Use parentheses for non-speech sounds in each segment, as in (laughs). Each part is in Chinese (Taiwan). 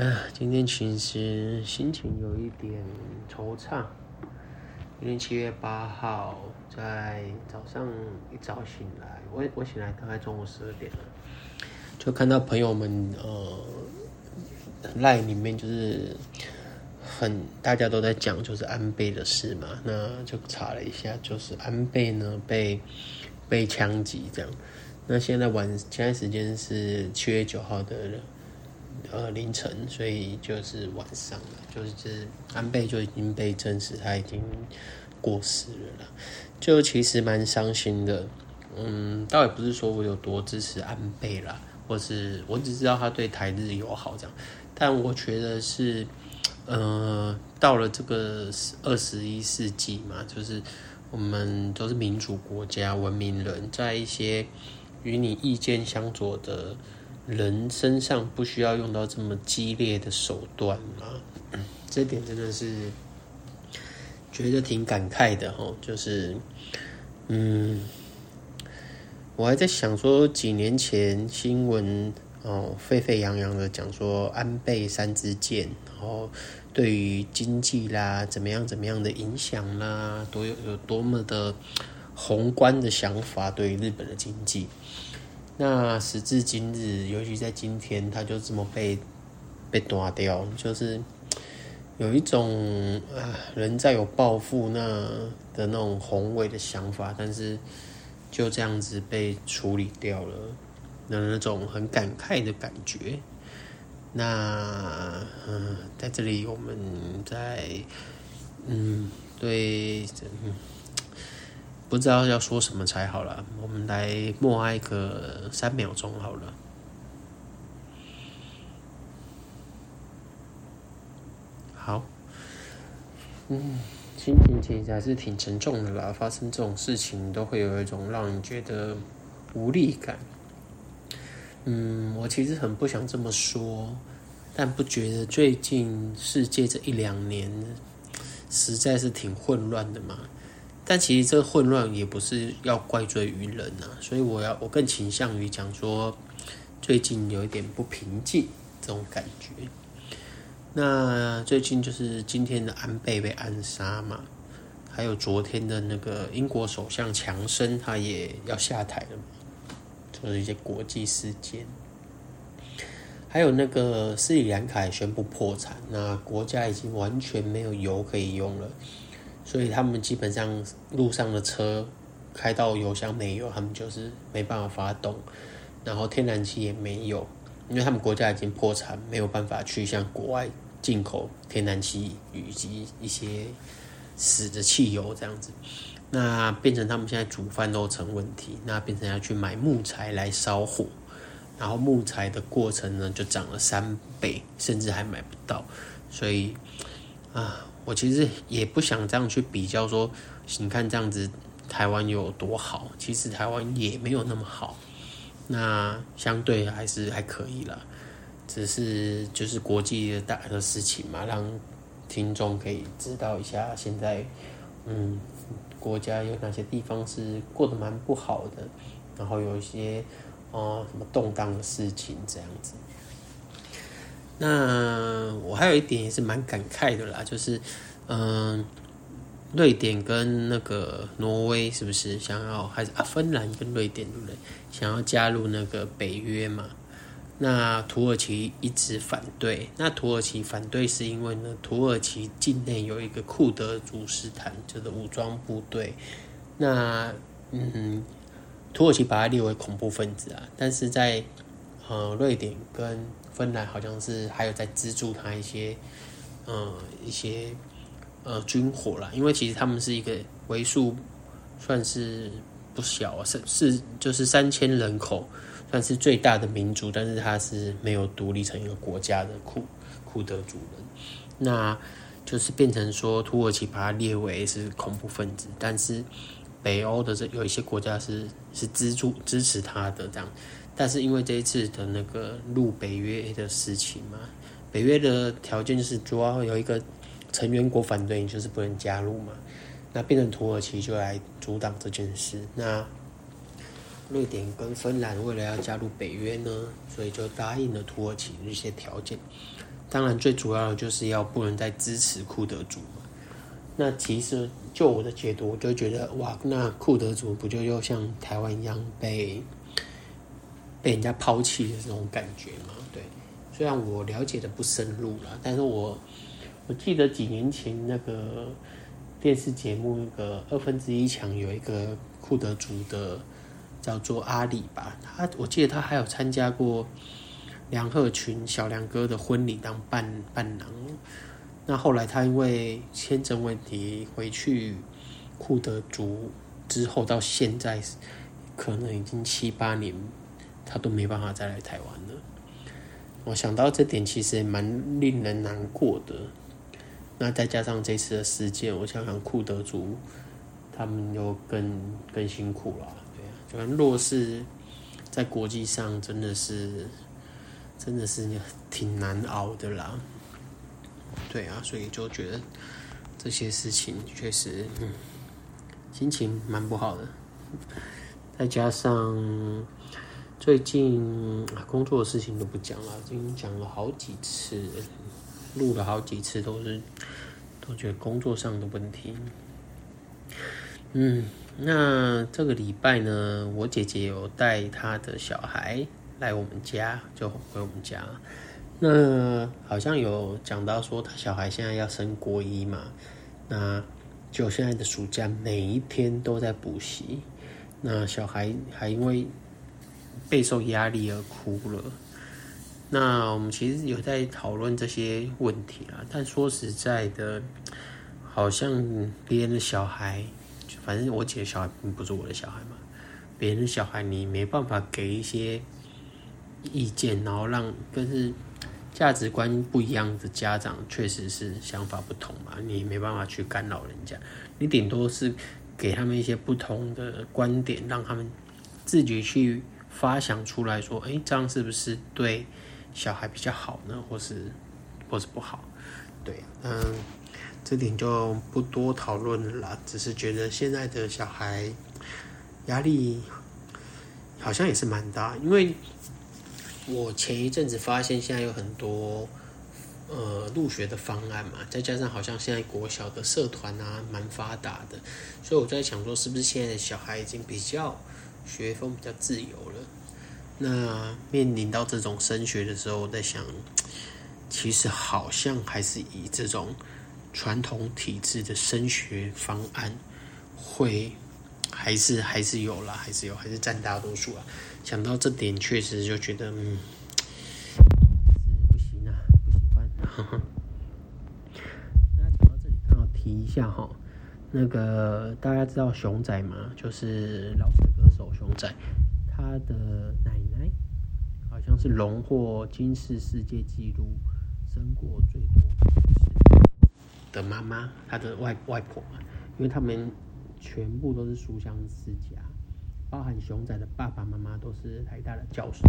啊，今天其實心情有一點惆悵。今天七月八號，在早上一早醒來我，我我醒來大概中午十二點了，就看到朋友們呃，Line 裡面就是很大家都在講就是安倍的事嘛，那就查了一下，就是安倍呢被被槍擊這樣。那現在晚現在時間是七月九號的人呃，凌晨，所以就是晚上了。就是、就是安倍就已經被證實他已經過世了啦，就其實蠻傷心的。嗯，倒也不是說我有多支持安倍啦，或是我只知道他對台日友好這樣。但我覺得是，呃，到了這個二十一世紀嘛，就是我們都是民主國家、文明人，在一些與你意見相左的。人身上不需要用到這麼激烈的手段嗎？嗯、這點真的是覺得挺感慨的、哦，就是，嗯，我還在想說，幾年前新聞哦沸沸揚揚的講說安倍三支箭，然後對於經濟啦怎麼樣怎麼樣的影響啦，多有，有多麼的宏觀的想法，對於日本的經濟。那時至今日，尤其在今天，他就這麼被被打掉，就是有一種啊，人在有抱負那的那種宏偉的想法，但是就這樣子被處理掉了的那種很感慨的感覺。那嗯、啊，在這裡，我們在嗯，對，嗯。不知道要說什麼才好了，我們來默哀個三秒鐘好了。好，嗯，心情其實還是挺沉重的啦。發生這種事情，都會有一種讓人覺得無力感。嗯，我其實很不想這麼說，但不覺得最近世界這一兩年實在是挺混亂的嘛。但其實這個混亂也不是要怪罪於人吶、啊，所以我要我更傾向於講說，最近有一點不平靜這種感覺。那最近就是今天的安倍被暗殺嘛，還有昨天的那個英國首相強生他也要下台了嘛，就是一些國際事件。還有那個斯里蘭卡也宣布破產，那國家已經完全沒有油可以用了。所以他們基本上路上的車開到油箱沒有，他們就是沒辦法發動，然後天然氣也沒有，因為他們國家已經破產，沒有辦法去向國外進口天然氣以及一些死的汽油這樣子。那變成他們現在煮飯都成問題，那變成要去買木材來燒火，然後木材的過程呢就漲了三倍，甚至還買不到，所以啊。我其實也不想這樣去比較，說你看這樣子台灣有多好，其實台灣也沒有那麼好。那相對還是還可以了，只是就是國際的大的事情嘛，讓聽眾可以知道一下現在，嗯，國家有哪些地方是過得蠻不好的，然後有一些啊、嗯、什麼動盪的事情這樣子。那我還有一點也是蠻感慨的啦，就是，嗯，瑞典跟那個挪威是不是想要還是啊芬蘭跟瑞典對不對？想要加入那個北約嘛？那土耳其一直反對。那土耳其反對是因為呢，土耳其境內有一個庫德祖斯坦，就是武裝部隊。那嗯，土耳其把它列為恐怖分子啊，但是在呃瑞典跟芬蘭好像是還有在資助他一些，呃、嗯，一些呃軍火啦，因為其實他們是一個為數算是不小，是是就是三千人口，算是最大的民族，但是它是沒有獨立成一個國家的庫庫德族人，那就是變成說土耳其把它列為是恐怖分子，但是北歐的這有一些國家是是資助支持他的這樣。但是因為這一次的那個入北約的事情嘛，北約的條件就是主要有一個成員國反對就是不能加入嘛。那變成土耳其就來阻擋這件事。那瑞典跟芬蘭為了要加入北約呢，所以就答應了土耳其的一些條件。當然最主要的就是要不能再支持庫德族嘛。那其實就我的解讀，我就覺得哇，那庫德族不就又像台灣一樣被？被人家拋棄的這種感覺嘛。對，雖然我了解的不深入啦，但是我我記得幾年前那個電視節目一，那個二分之一強有一個庫德族的，叫做阿里吧。他我記得他還有參加過梁赫群、小梁哥的婚禮當伴伴郎。那後來他因為簽證問題回去庫德族之後，到現在可能已經七八年。他都沒辦法再來台灣了，我想到這點，其實也蠻令人難過的。那再加上這次的事件，我想想庫德族，他們又更更辛苦了。對啊，反正弱勢在國際上，真的是真的是挺難熬的啦。對啊，所以就覺得這些事情確實、嗯、心情蠻不好的。再加上。最近工作的事情都不講了，已經講了好幾次，錄了好幾次，都是都覺得工作上的問題。嗯，那這個禮拜呢，我姐姐有帶她的小孩來我們家，就回我們家。那好像有講到說，她小孩現在要升國一嘛，那就現在的暑假每一天都在補習。那小孩還因為備受壓力而哭了。那我們其實有在討論這些問題啊，但說實在的，好像別人的小孩，反正我姐小孩不是我的小孩嘛。別人的小孩你沒辦法給一些意見，然後讓但是價值觀不一樣的家長，確實是想法不同嘛，你沒辦法去干擾人家，你頂多是給他們一些不同的觀點，讓他們自己去。發想出來說：“哎，這樣是不是對小孩比較好呢？或是或是不好？對，嗯，這點就不多討論了。只是覺得現在的小孩壓力好像也是蠻大，因為我前一陣子發現現在有很多呃入學的方案嘛，再加上好像現在國小的社團啊蠻發達的，所以我在想說，是不是現在的小孩已經比較……學風比較自由了，那面臨到這種升學的時候，我在想，其實好像還是以這種傳統體制的升學方案會還是還是有啦，還是有，還是佔大多數啊，想到這點，確實就覺得嗯，嗯，不行啊，不喜歡、啊。 (laughs) 那講到這裡，剛好提一下哈、喔，那個大家知道熊仔嗎？就是老。歌手熊仔，他的奶奶好像是榮獲金氏世界紀錄生過最多次的媽媽，他的外外婆，因為他們全部都是書香世家，包含熊仔的爸爸媽媽都是台大的教授。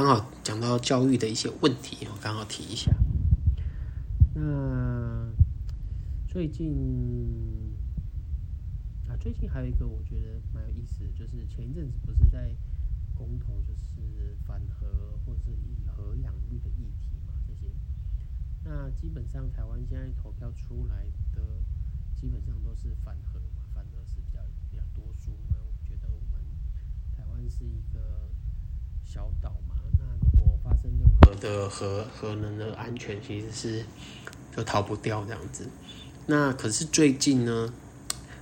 剛好講到教育的一些問題，我剛好提一下。那最近啊，最近還有一個我覺得蠻有意思的，就是前一陣子不是在公投，就是反核或者是以核養綠的議題嘛？這些。那基本上台灣現在投票出來的基本上都是反核嘛，反核是比較比較多數，因為我覺得我們台灣是一個小島嘛。那如果發生任何的核核能的安全，其實是就逃不掉這樣子。那可是最近呢，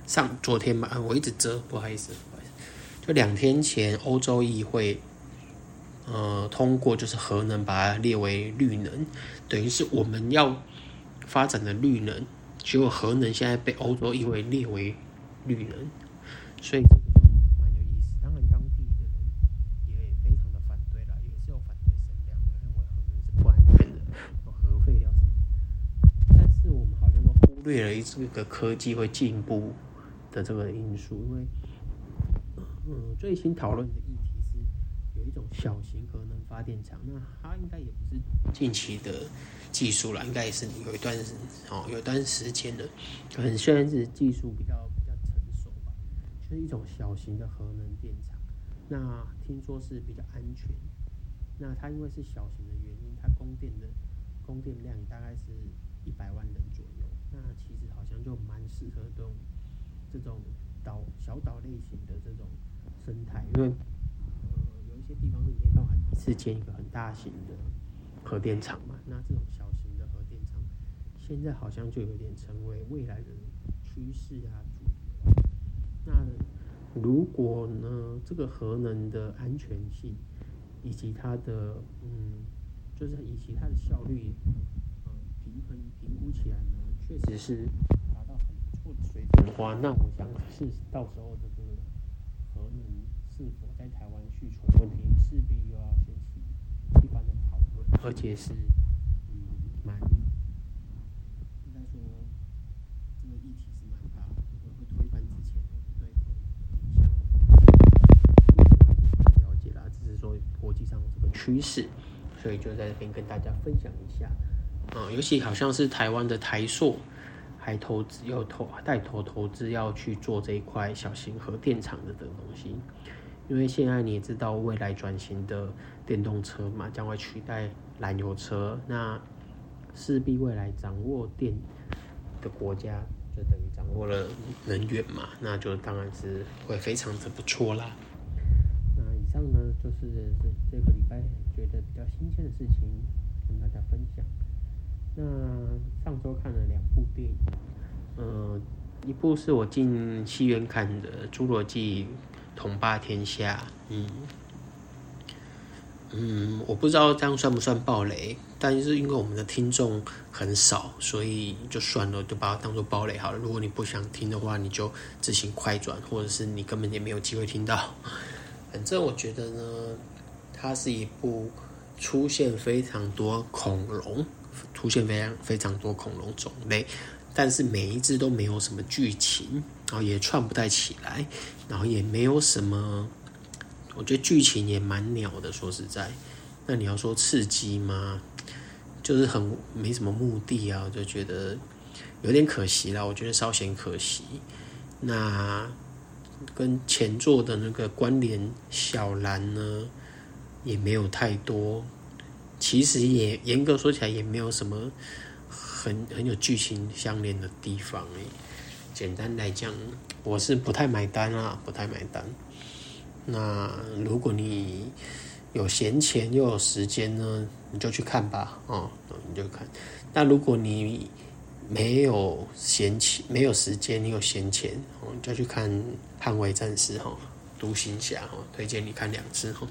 上昨天吧，我一直遮，不好意思，不好意思。就兩天前，歐洲議會呃通過，就是核能把它列為綠能，等於是我們要發展的綠能，結果核能現在被歐洲議會列為綠能，所以。為了這個科技會進步的這個因素，因為嗯，最新討論的議題是有一種小型核能發電廠，那它應該也不是近期的技術了，應該也是有一段哦，有一段時間了，很雖然是技術比較比較成熟吧，就是一種小型的核能電廠。那聽說是比較安全，那它因為是小型的原因，它供電的供電量大概是一百萬人左右。那其實好像就蠻適合這種這種島、小島類型的這種生態，因為，因為呃，有一些地方是沒辦法一次建一個很大型的核電廠嘛。那這種小型的核電廠，現在好像就有點成為未來的趨勢啊。那如果呢，這個核能的安全性以及它的嗯，就是以及它的效率，呃，平衡評估起來呢，確實是達到很不錯的水準的話，那我想是到時候這個核能是否在台灣續存問題，勢必又要掀起一番的討論。而且是嗯，蠻，應該說這個議題是蠻大的，可能會推翻之前對核能的影響。我也不太了解啦、啊，只是說國際上的這個趨勢，所以就在這邊跟大家分享一下。啊、哦，尤其好像是台灣的台塑，還投資要投帶頭投資要去做這一塊小型核電廠的這個東西，因為現在你也知道，未來轉型的電動車嘛，將會取代燃油車，那勢必未來掌握電的國家就等於掌握了能源嘛，那就當然是會非常的不錯啦。那以上呢，就是這這個禮拜覺得比較新鮮的事情，跟大家分享。那上周看了兩部電影，嗯、呃，一部是我進戲院看的《侏羅紀統霸天下》，嗯，嗯嗯，我不知道這樣算不算暴雷，但是因為我們的聽眾很少，所以就算了，就把它當做暴雷好了。如果你不想聽的話，你就自行快轉，或者是你根本也沒有機會聽到。反正我覺得呢，它是一部出現非常多恐龍。恐出現非常非常多恐龍種類，但是每一隻都沒有什麼劇情，然後也串不太起來，然後也沒有什麼，我覺得劇情也蠻鳥的。說實在，那你要說刺激嗎？就是很沒什麼目的啊，我就覺得有點可惜了。我覺得稍顯可惜。那跟前作的那個關聯，小藍呢也沒有太多。其實也嚴格說起來也沒有什麼很很有劇情相連的地方哎。簡單來講，我是不太買單啦，不太買單那。那如果你有閒錢又有時間呢，你就去看吧，哦，你就看。那如果你沒有閒錢沒有時間，你有閒錢，哦，你就去看《捍衛戰士》哈，哦，《獨行俠》哦，推薦你看兩次，哦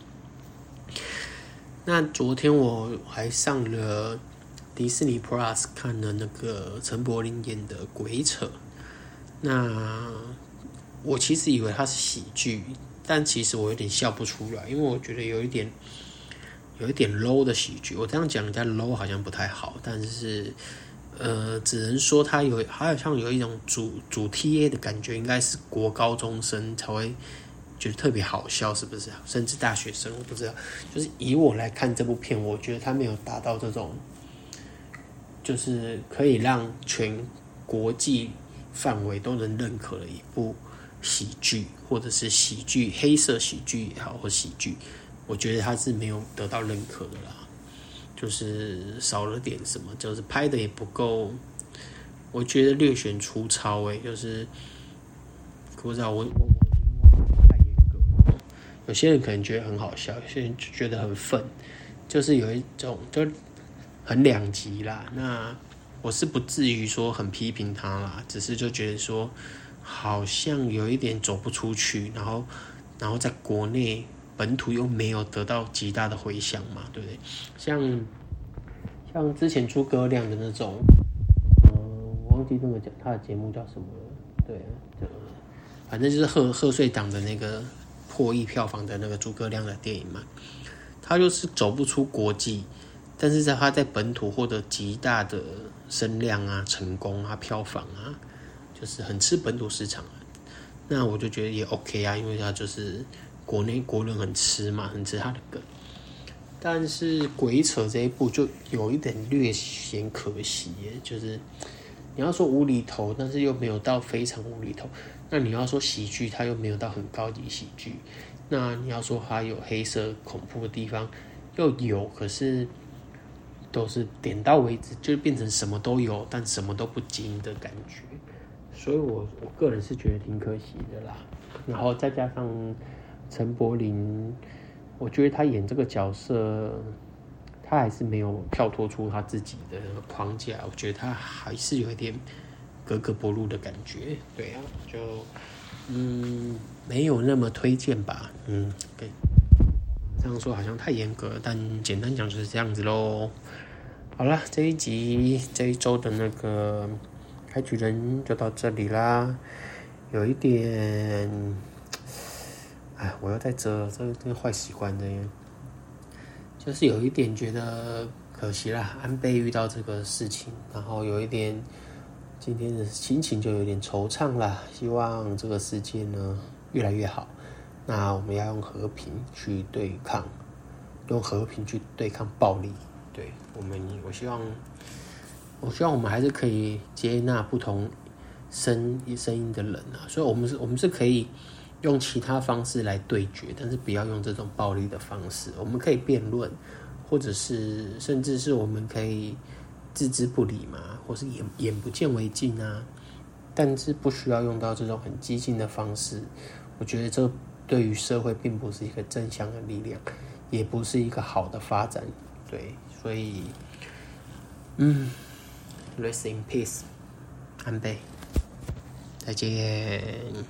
那昨天我還上了迪士尼 Plus，看了那個陳柏霖演的《鬼扯》。那我其實以為它是喜劇，但其實我有點笑不出來，因為我覺得有一點有一點 low 的喜劇。我這樣講人家 low 好像不太好，但是呃，只能說它有，它好像有一種主主題 A 的感覺，應該是國高中生才會。覺得特別好笑，是不是？甚至大學生，我不知道。就是以我來看這部片，我覺得它沒有達到這種，就是可以讓全國際範圍都能認可的一部喜劇，或者是喜劇黑色喜劇也好，或喜劇，我覺得它是沒有得到認可的啦。就是少了點什麼，就是拍得也不夠，我覺得略顯粗糙、欸。誒，就是不知道我我。我有些人可能覺得很好笑，有些人就覺得很憤，就是有一種就很兩極啦。那我是不至於說很批評他啦，只是就覺得說好像有一點走不出去，然後然後在國內本土又沒有得到極大的回響嘛，對不對？像像之前諸葛亮的那種，嗯、呃，忘記怎麼講他的節目叫什麼了、啊，對，反正就是賀賀歲檔的那個。過億票房的那個諸葛亮的電影嘛，他就是走不出國際，但是在他在本土獲得極大的聲量啊、成功啊、票房啊，就是很吃本土市場、啊。那我就覺得也 OK 啊，因為他就是國內國人很吃嘛，很吃他的梗。但是《鬼扯》這一步就有一點略顯可惜，就是你要說無厘頭，但是又沒有到非常無厘頭。那你要說喜劇，他又沒有到很高級喜劇；那你要說他有黑色恐怖的地方，又有，可是都是點到為止，就變成什麼都有，但什麼都不精的感覺。所以我，我我個人是覺得挺可惜的啦。然後再加上陳柏霖，我覺得他演這個角色，他還是沒有跳脫出他自己的框架。我覺得他還是有一點。格格不入的感覺，對啊，就嗯，沒有那麼推薦吧，嗯，對、okay，這樣說好像太嚴格，但簡單講就是這樣子嘍。好了，這一集，這一周的那個開局人就到這裡啦。有一點，哎，我又在這，這這個壞習慣的，就是有一點覺得可惜啦。安倍遇到這個事情，然後有一點。今天的心情就有點惆悵了，希望這個世界呢，越來越好。那我們要用和平去對抗，用和平去對抗暴力。對，我們，我希望，我希望我們還是可以接納不同聲聲音的人啊。所以，我們是，我們是可以用其他方式來對決，但是不要用這種暴力的方式。我們可以辯論，或者是甚至是我們可以。置之不理嘛，或是眼眼不見為淨啊，但是不需要用到這種很激進的方式，我覺得這對於社會並不是一個正向的力量，也不是一個好的發展。對，所以，嗯，rest in peace，安倍，再見。